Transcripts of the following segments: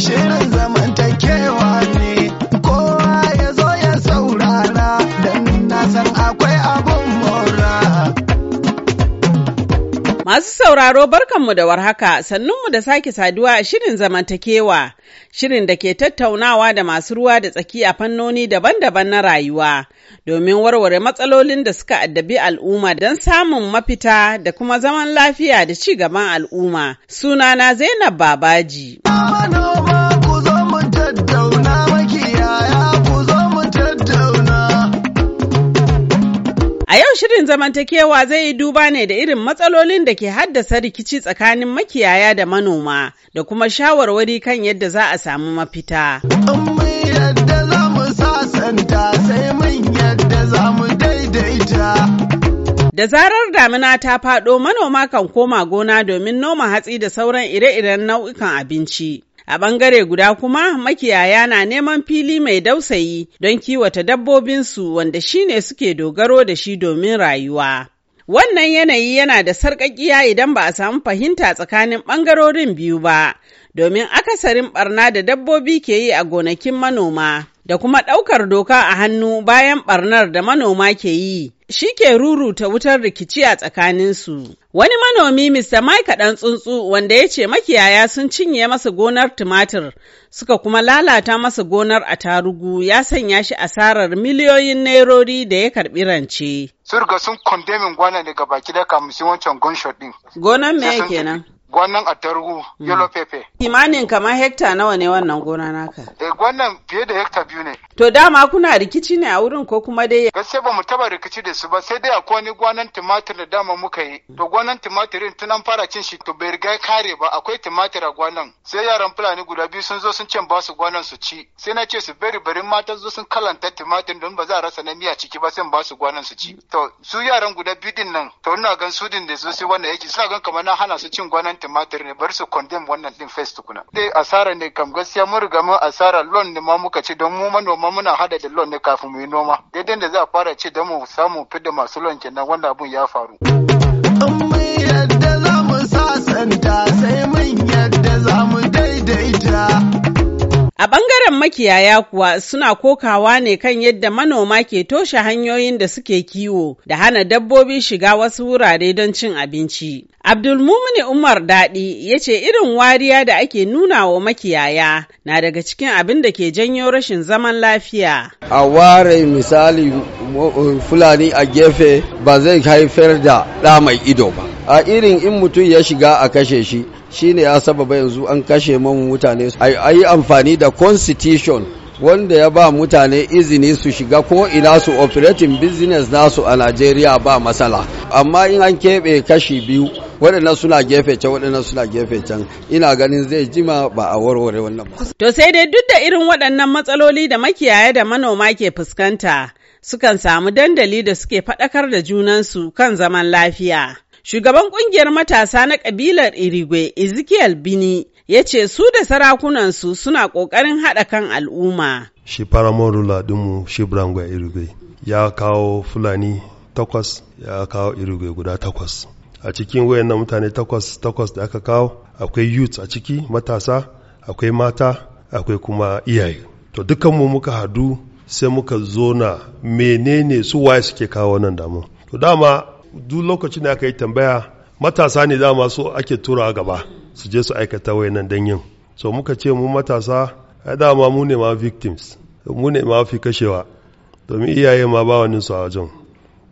Shirin zamantakewa ne kowa ya zo ya saurara don na san akwai abun mora. Masu sauraro barkanmu da warhaka sannunmu da sake saduwa a shirin zamantakewa, shirin da ke tattaunawa da masu ruwa da tsaki a fannoni daban-daban na rayuwa domin warware matsalolin da suka addabi al'umma don samun mafita da kuma zaman lafiya da ci gaban al'umma. Sunana Zainab Babaji. A yau shirin zamantakewa zai yi duba ne da irin matsalolin da ke haddasa rikici tsakanin makiyaya da manoma da kuma shawarwari kan yadda za a samu mafita. Da zarar damina ta faɗo manoma kan koma gona domin noma hatsi da sauran ire-iren nau'ikan abinci. A ɓangare guda kuma makiyaya na neman fili mai dausayi don kiwata dabbobinsu wanda shi ne suke dogaro da shi domin rayuwa. Wannan yanayi yana da sarƙaƙiya idan ba a samu fahimta tsakanin ɓangarorin biyu ba, domin akasarin ɓarna da dabbobi ke yi a gonakin manoma. da kuma ɗaukar doka a hannu bayan ɓarnar da manoma ke yi shi ke ruruta wutar rikici a tsakaninsu. Wani manomi Mr. Mike ɗan tsuntsu wanda ya ce makiyaya sun cinye masa gonar tumatir suka kuma lalata masa gonar a tarugu ya sanya shi asarar miliyoyin nairori da ya karɓi rance. Sun riga sun kondemin gwana daga baki da kamusin wancan gunshot ɗin. Gonan me kenan? gwannan attarugu hmm. yellow pepper. Kimanin kamar hekta nawa ne wannan gona naka? Eh gwannan fiye da hekta biyu ne. To dama kuna rikici ne a wurin ko kuma dai? Gaskiya ba mu taba rikici da su ba sai dai akwai wani gwanan tumatir da dama muka yi. Hmm. To gwanan tumatirin tun an fara cin shi to bai riga kare ba akwai tumatir a gwanan. Sai yaran Fulani guda biyu sun zo sun ce ba su gwanan su ci. Sai na ce su bari bari matan zo sun kalanta tumatir don ba za a rasa na miya ciki ba sai ba su gwanan su ci. Hmm. To su yaran guda biyu din nan to ina gan su din da su sai wannan yake suna gan kamar na hana su cin gwanan tumatir ne bar su condemn wannan din face tukuna dai asara ne kam gaskiya mun riga mun asara loan ne ma muka ci don mu manoma muna hada da loan ne kafin mu yi noma daidai da za a fara ci don mu samu fidda masu loan kenan wanda abun ya faru mun yadda za mu sasanta sai mun yadda za mu daidaita A ɓangaren makiyaya kuwa suna kokawa ne kan yadda manoma ke toshe hanyoyin da suke kiwo da hana dabbobi shiga wasu wurare don cin abinci. Abdulmumini Umar Daɗi ya ce irin wariya da ake nuna wa makiyaya na daga cikin abin da ke janyo rashin zaman lafiya. A ware misali uh, Fulani a gefe ba zai haifar da ɗa mai ido ba. A irin in mutum ya shiga a kashe shi. shi ne ya sababa yanzu an kashe mamu mutane a yi amfani da constitution wanda ya ba mutane izini su shiga ko ina su operating business nasu a Najeriya ba matsala amma in an keɓe kashi biyu waɗannan suna gefe can waɗannan suna gefe can ina ganin zai jima ba a warware wannan ba. To sai dai duk da irin waɗannan matsaloli da makiyaya da manoma ke fuskanta sukan samu dandali da suke faɗakar da junansu kan zaman lafiya. Shugaban kungiyar matasa na kabilar Irigwe Ezekiel Bini ya ce su da sarakunansu suna ƙoƙarin haɗa kan al'umma. Shi rula dinmu shi Brangwa Irigwe ya kawo Fulani takwas ya kawo Irigwe guda takwas. A cikin wayannan mutane takwas takwas da aka kawo akwai youth a ciki matasa akwai mata akwai kuma iyaye. To dukanmu muka hadu sai muka zona menene su waye suke kawo nan damu. To dama duk lokacin da aka yi tambaya matasa ne dama su ake tura gaba su je su aikata wayannan nan yin so muka ce mu matasa dama mu ne ma victims mu ne ma fi kashewa domin iyaye ma ba wani su a wajen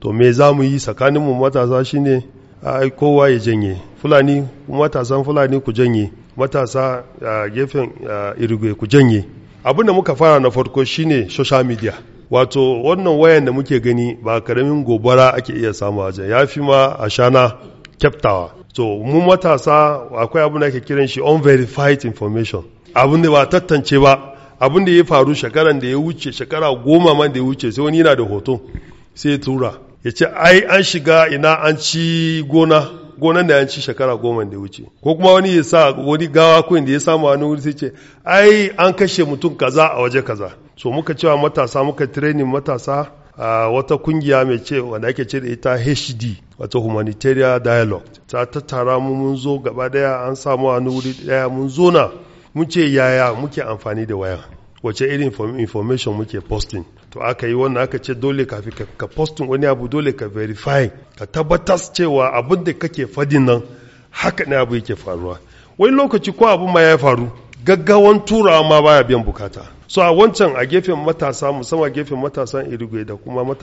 to me za mu yi tsakanin mu matasa shine a kowa ya janye fulani matasan fulani ku janye matasa a gefen irigwe ku janye abin da muka fara na farko shine social media wato wannan wayan da muke gani ba karamin gobara ake iya samu a ya fi ma a shana kyaftawa to mu matasa akwai abin da ake kiran shi unverified information abin da ba tattance ba abin da ya faru shekaran da ya wuce shekara goma man da ya wuce sai wani yana da hoto sai tura ya ce ai an shiga ina an ci gona gonan da ci shekara goma da wuce ko kuma wani ya sa wani gawa kuwa da ya samu wani wuri sai ce ai an kashe mutum kaza a waje kaza so muka cewa matasa muka training matasa a wata kungiya mai ce wanda ake ce da ita HD wata humanitarian dialogue ta tattara mu mun zo gaba daya an samu a wuri daya mun zo na mun ce yaya muke amfani da waya wace irin information muke posting to aka yi wannan aka ce dole kafi ka posting wani abu dole ka verify ka tabbatar cewa abin da kake fadin nan haka ne abu yake faruwa wani lokaci ko abin ma ya faru gaggawan turawa ma baya biyan bukata so a wancan a gefen matasa musamman gefen matasan irigwe da kuma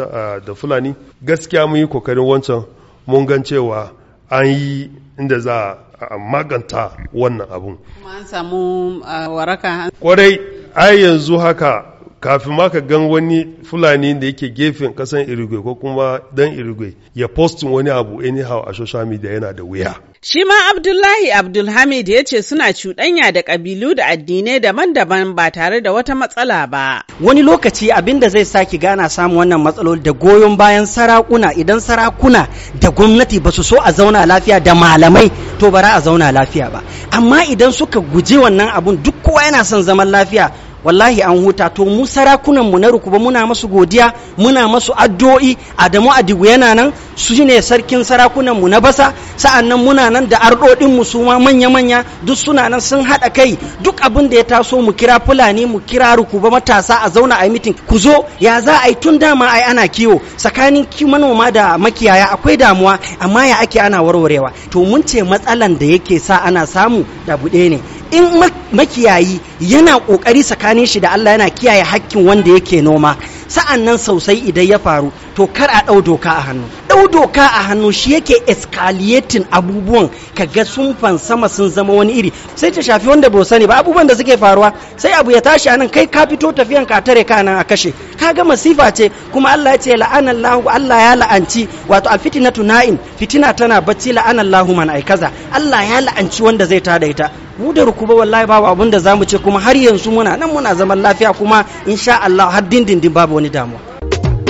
da fulani gaskiya mun yi kokarin wancan mun gan cewa an yi inda za a maganta wannan abun kuma samu waraka kwarai ai yanzu haka kafin ma ka gan wani fulani da yake gefen kasan irigwe ko kuma dan irigwe ya postin wani abu anyhow a social media yana da wuya Shi ma Abdullahi Abdulhamid ya ce suna cuɗanya da ƙabilu da addinai daban-daban ba tare da wata matsala ba. Wani lokaci abin da zai saki gana samun wannan matsaloli da goyon bayan sarakuna idan sarakuna da gwamnati ba su so a zauna lafiya da malamai to ba za a zauna lafiya ba. Amma idan suka guji wannan abun duk kowa yana son zaman lafiya wallahi an huta to mu sarakunan mu na rukuba muna masu godiya muna masu addu'o'i Adamu Adigu yana nan su ne sarkin sarakunan mu na basa sa'annan muna nan da ardodin mu su manya manya duk suna nan sun hada kai duk abin da ya taso mu kira fulani mu kira rukuba matasa a zauna a mitin ku zo ya za a yi tun dama ai ana kiwo tsakanin manoma da makiyaya akwai damuwa amma ya ake ana warwarewa to mun ce matsalan da yake sa ana samu da buɗe ne in makiyayi yana kokari tsakanin shi da Allah yana kiyaye hakkin wanda yake noma sa'an nan sosai idan ya faru to kar a ɗau doka a hannu ɗau doka a hannu shi yake escalating abubuwan kaga sun sama sun zama wani iri sai ta shafi wanda bai sani ba abubuwan da suke faruwa sai abu ya tashi anan kai ka fito tafiyan ka tare ka nan a kashe kaga masifa ce kuma Allah ya ce la'anallahu Allah ya la'anci wato alfitinatu na'in fitina tana bacci la'anallahu man aikaza Allah ya la'anci wanda zai tada ita mu da rukuba wallahi babu abin da mu ce kuma har yanzu muna nan muna zaman lafiya kuma insha Allah har dindindin babu wani damuwa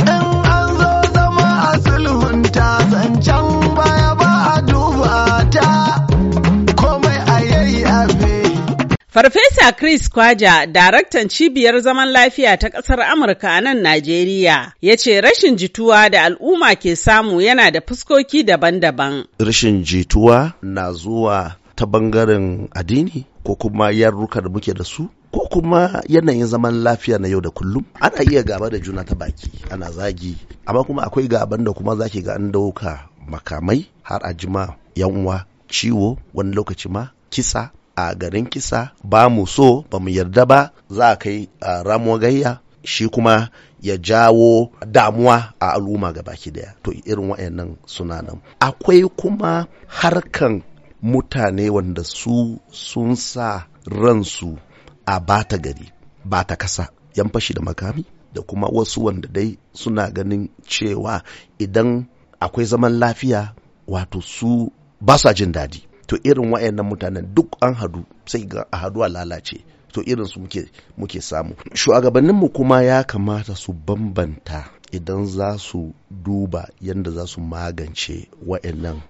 an zo zama a sulhunta zancen baya ba Farfesa Chris Kwaja, daraktan cibiyar zaman lafiya ta ƙasar Amurka a nan Najeriya, ya ce rashin jituwa da al'umma ke samu yana da fuskoki daban-daban. Rashin jituwa na zuwa ta bangaren addini ko kuma yarruka da muke da su ko kuma yanayin zaman lafiya na yau da kullum ana iya gaba da juna ta baki ana zagi amma kuma akwai gaban da kuma zaki ga an dauka makamai har a jima yan uwa ciwo wani lokaci ma kisa a garin kisa ba mu so ba mu yarda ba za a kai ramuwa gayya shi kuma ya jawo damuwa a al'umma ga baki daya to irin wayannan suna nan akwai kuma harkan mutane wanda su sun sa ransu a bata gari bata kasa yan fashi da makami da kuma wasu wanda dai suna ganin cewa idan akwai zaman lafiya wato su ba sa jin daɗi to irin wayannan mutanen duk an hadu sai ga a hadu a lalace to irin su muke muke samu shugabanninmu kuma ya kamata su bambanta idan za su duba yadda za su magance wa'annan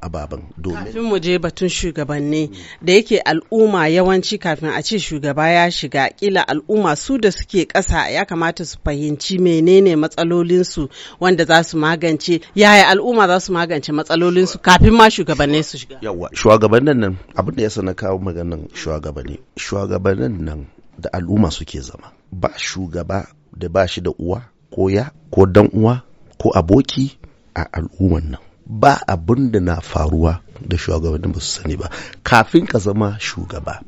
ababen domin kafin mu je batun shugabanni da yake al'umma yawanci kafin a ce shugaba ya shiga kila al'umma su da suke ƙasa ya kamata su fahimci menene matsalolinsu wanda za su magance yaya al'umma za su magance matsalolinsu kafin ma shugabanni su shiga yawa shugabannin nan abin da ya sana kawo maganin shugabanni shugabannin nan da al'umma suke zama ba shugaba da ba shi da uwa ko ya ko dan uwa ko aboki a al'umman nan ba abin da na faruwa da shugabannin ba su sani ba kafin ka zama shugaba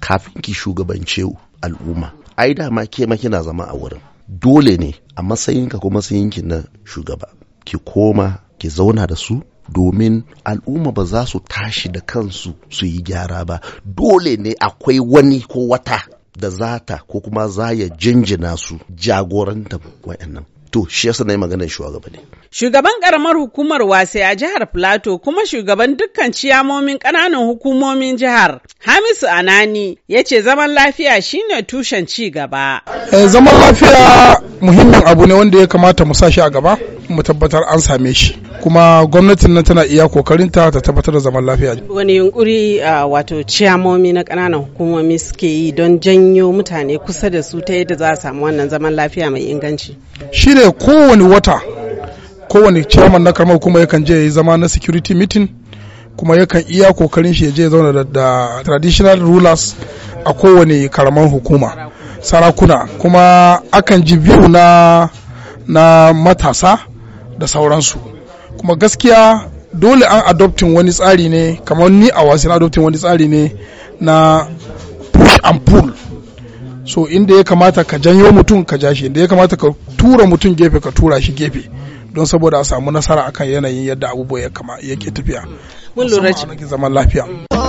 kafin ki shugabance al'umma ai dama ke ma kina zama a wurin dole ne a matsayin matsayinka ko ki na shugaba ki koma ki zauna da su domin al'umma ba za su tashi da kansu su yi gyara ba dole ne akwai wani ko wata da zata ko kuma za ya jinjina su jagoranta wa'annan to shi yasa na yi maganar shugabanni. Shugaban karamar hukumar wase a jihar Plateau kuma shugaban dukkan ciyamomin ƙananan hukumomin jihar Hamisu Anani ya ce zaman lafiya shine tushen ci gaba. Eh, zaman lafiya muhimmin abu ne wanda ya kamata mu sa shi a gaba mu tabbatar an same shi. kuma gwamnatin nan tana iya kokarinta ta tabbatar da zaman lafiya wani yunkuri a wato ciyamomi na ƙananan hukumomi suke yi don janyo mutane kusa da su ta yadda za a samu wannan zaman lafiya mai inganci Shi ne kowane wata kowane ciyaman na karamar hukuma yakan je ya yi zama na security meeting kuma yakan iya kokarin shi ya je zauna da, da traditional rulers a kowane karamar hukuma sarakuna kuma akan ji biyu na matasa da sauransu kuma gaskiya dole an adoptin wani tsari ne kamar ni a wasu adoptin wani tsari ne na push and pull so inda ya kamata ka janyo mutum ka ja shi inda ya kamata ka tura mutum gefe ka tura shi gefe don saboda a samu nasara akan yanayin yadda abubuwa yake tafiya. Mun lura zaman lafiya. Mm.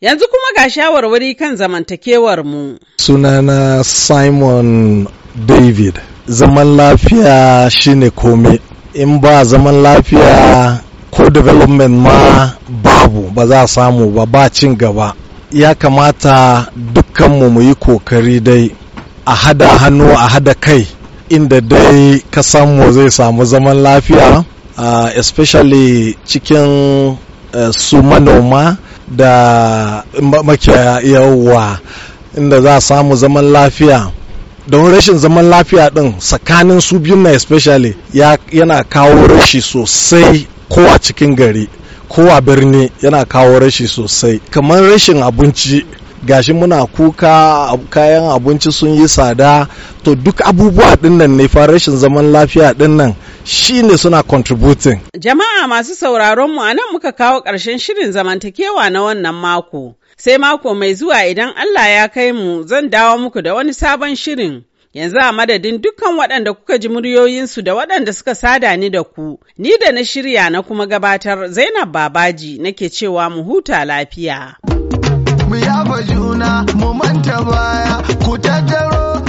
Yanzu kuma ga shawarwari kan zamantakewar mu. Sunana Simon David. Zaman lafiya shine kome. In ba zaman lafiya ko development ma babu ba za a samu ba ba cin gaba. Ya kamata dukkanmu mu yi kokari dai a hada hannu a hada kai inda dai ka samu zai samu zaman lafiya uh, especially cikin uh, su manoma da makiyaya yawa inda za a samu zaman lafiya don rashin zaman lafiya din tsakanin su biyun na especially yana kawo rashi sosai ko a cikin gari ko a birni yana kawo rashi sosai kamar rashin abinci gashi muna kuka kayan abinci sun yi tsada to duk abubuwa dinnan ne fa rashin zaman lafiya dinnan shi ne suna contributing. Jama'a masu sauraron mu anan muka kawo ƙarshen shirin zamantakewa na wannan mako. Sai mako mai zuwa idan Allah ya kai mu zan dawo muku da wani sabon shirin. Yanzu a madadin dukkan waɗanda kuka ji muryoyinsu da waɗanda suka sada ni da ku, ni da na shirya na kuma gabatar Zainab Babaji nake cewa mu huta lafiya. juna mu manta baya ku tattaro